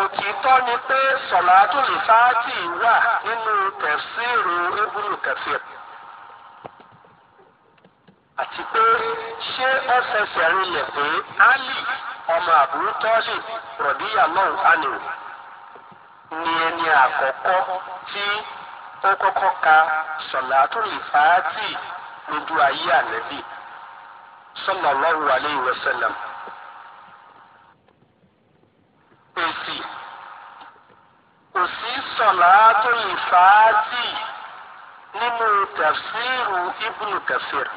òtítọ́ ni pé sọ̀làtù lìfáàtì wà nínú tẹ̀síìrù ebúrú kẹfì àti pé ṣé ó rinlẹ̀ pé ali ọmọ àbúrú tọ́lì rọ̀díyà náà ánì ni ẹni àkọ́kọ́ tí ó kọ́kọ́ ka sọ̀làtù lìfáàtì lójú ayé ànẹ́bí sallallahu alayhi wa sallam. salatul fati nínú tafsiru ibnu kasir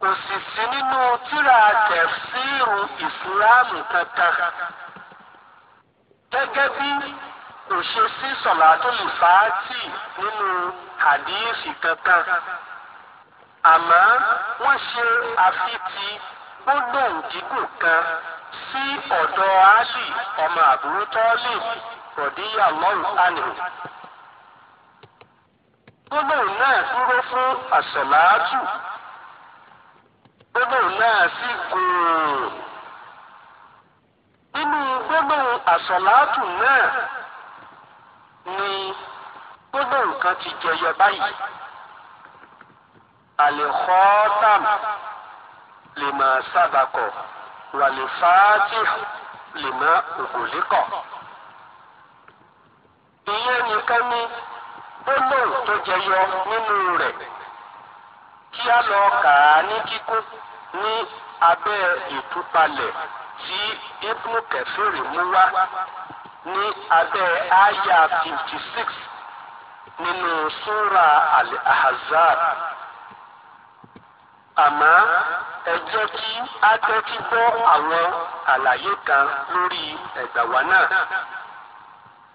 kò sì sí nínú tírà tafsiru ìsìláàmù kankan gẹ́gẹ́ bí kò ṣe sí salatul fati nínú hadisi kankan àmọ́ wọ́n ṣe àfitì gbólóhùn gígùn kan sí ọ̀dọ̀ ali ọmọ àbúrò tọ́lì rọ̀díyà lọ́rùn ánìmù. gbólóhùn náà dúró fún àṣọ̀láàtù gbólóhùn náà sì gùn. nínú gbólóhùn àṣọ̀láàtù náà ni gbólóhùn kan ti jẹyọ báyìí. àlèkọ́tàm lè máa sábàkọ̀ wàlè fàájì lè máa ògòlé kọ̀ ìyẹn nìkan ni gbólóhùn tó jẹyọ nínú rẹ̀ kí a lọ kà á ní kíkún ní abẹ́ ìtúpalẹ̀ tí ibnu kẹfìrì mú wá ní abẹ́ àyà fifty six nínú súra al-ahzab àmọ́ ẹ jẹ́ kí a tẹ́tí gbọ́ àwọn àlàyé kan lórí ẹ̀gbà wa náà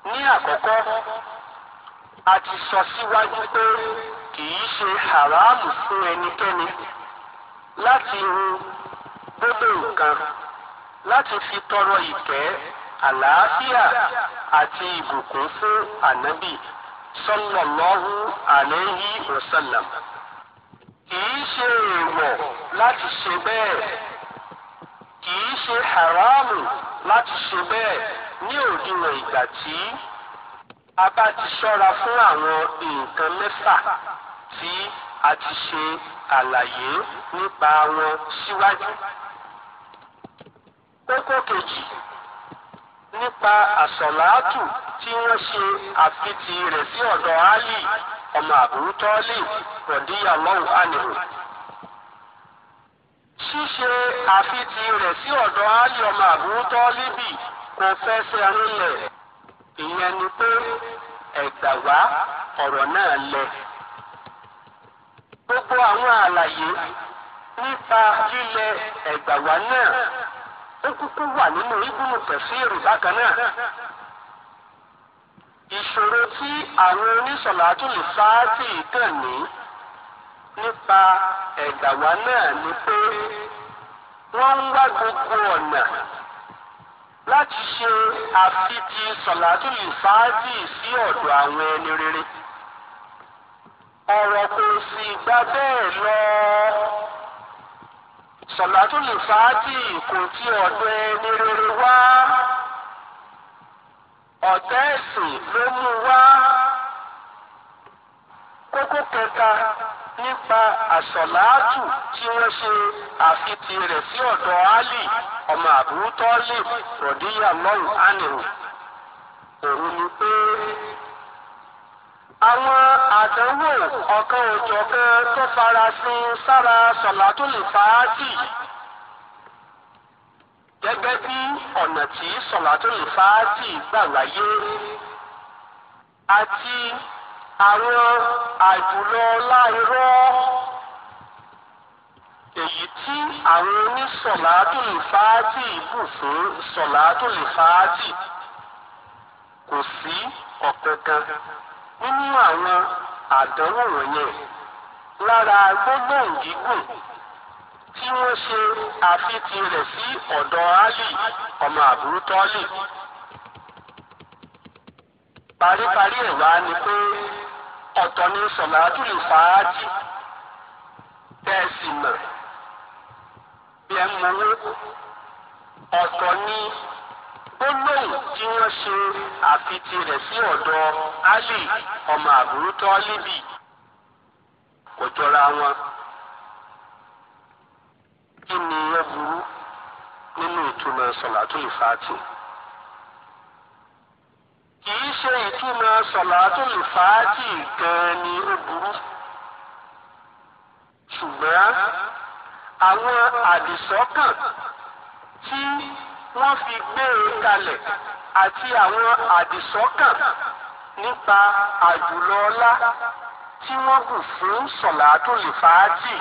ní àkọ́kọ́ a ti sọ síwájú pé kì í ṣe haramu fún ẹnikẹ́ni láti hu gbogbo nǹkan láti fi tọrọ ìkẹ́ àlàáfíà àti ìbùkún fún ànábì sallallahu alayhi wa sallam kì í ṣe èèwọ̀ láti ṣe bẹ́ẹ̀ kì í ṣe haramu láti ṣe bẹ́ẹ̀ ní òdiwọ̀n ìgbà tí a bá ti ṣọ́ra fún àwọn nǹkan mẹ́fà tí a ti ṣe àlàyé nípa wọn síwájú. kókó kejì nípa àsọ̀láàtù tí wọ́n ṣe àfitì rẹ̀ sí ọ̀dọ̀ Álì ọmọ àbúrú tọ́lì rọ̀díyàlọ́hùn ánìhùn. ṣíṣe àfitì rẹ̀ sí ọ̀dọ̀ Álì ọmọ àbúrú tọ́lì bíi kò fẹsẹ̀ ìyẹn ni pé ẹ̀gbà wá ọ̀rọ̀ náà lẹ. gbogbo àwọn àlàyé nípa lílẹ̀ ẹ̀gbà wá náà ó kúkú wà nínú ibùdó tẹ̀síìrù bákan náà. ìṣòro tí àwọn oníṣọ̀láàtú lè fáátì kàn ní nípa ẹ̀gbà náà ni pé wọ́n ń wá gbogbo ọ̀nà láti ṣe àfitì sọ̀làtún ìfáàdì sí ọ̀dọ̀ àwọn ẹni rere. ọ̀rọ̀ kò sì gba bẹ́ẹ̀ lọ. sọ̀làtún ìfáàdì kò ti ọ̀dọ̀ ẹni rere wá. ọ̀tẹ́ ẹ̀sìn ló mú wá. kókó kẹta nípa àsọ̀láàtù tí wọ́n ṣe àfitì rẹ̀ sí ọ̀dọ̀ Ali ọmọ Abu Talib radiyallahu anhu. òun ni pé àwọn àdánwò ọ̀kan òjọ̀kan tó farasin sára sọ̀láàtù lè fàájì gẹ́gẹ́ bí ọ̀nà tí sọ̀láàtù lè fàájì gbà wáyé àti àwọn àjùlọ láìrọ́ èyí tí àwọn onísọ̀làdùn fàájì bù fún sọ̀làdùn fàájì kò sí ọ̀kankan nínú àwọn àdánwò wọ̀nyẹn lára gbólóhùn gígùn tí wọ́n ṣe àfitì rẹ̀ sí ọ̀dọ̀ Álì ọmọ àbúrú tọ́lì paríparí ẹ̀ wá ni pé ọ̀tọ̀ ní sọ̀làtù ìfàájì tẹ́ẹ̀sì mọ̀ bí ẹ mọ̀ owó ọ̀tọ̀ ní gbólóhùn tí wọ́n ṣe àfitì rẹ̀ sí ọ̀dọ̀ Ali ọmọ àbúrú tọ́líbì kò jọra wọn kí ni ẹ burú nínú ìtumọ̀ sọ̀làtù ìfàájì ṣe ìtumọ̀ salatul fàájì gan ni ó burú ṣùgbọ́n àwọn àdìsọ́kàn tí wọ́n fi gbé e kalẹ̀ àti àwọn àdìsọ́kàn nípa àjùlọ ọlá tí wọ́n kù fún salatul fàájì.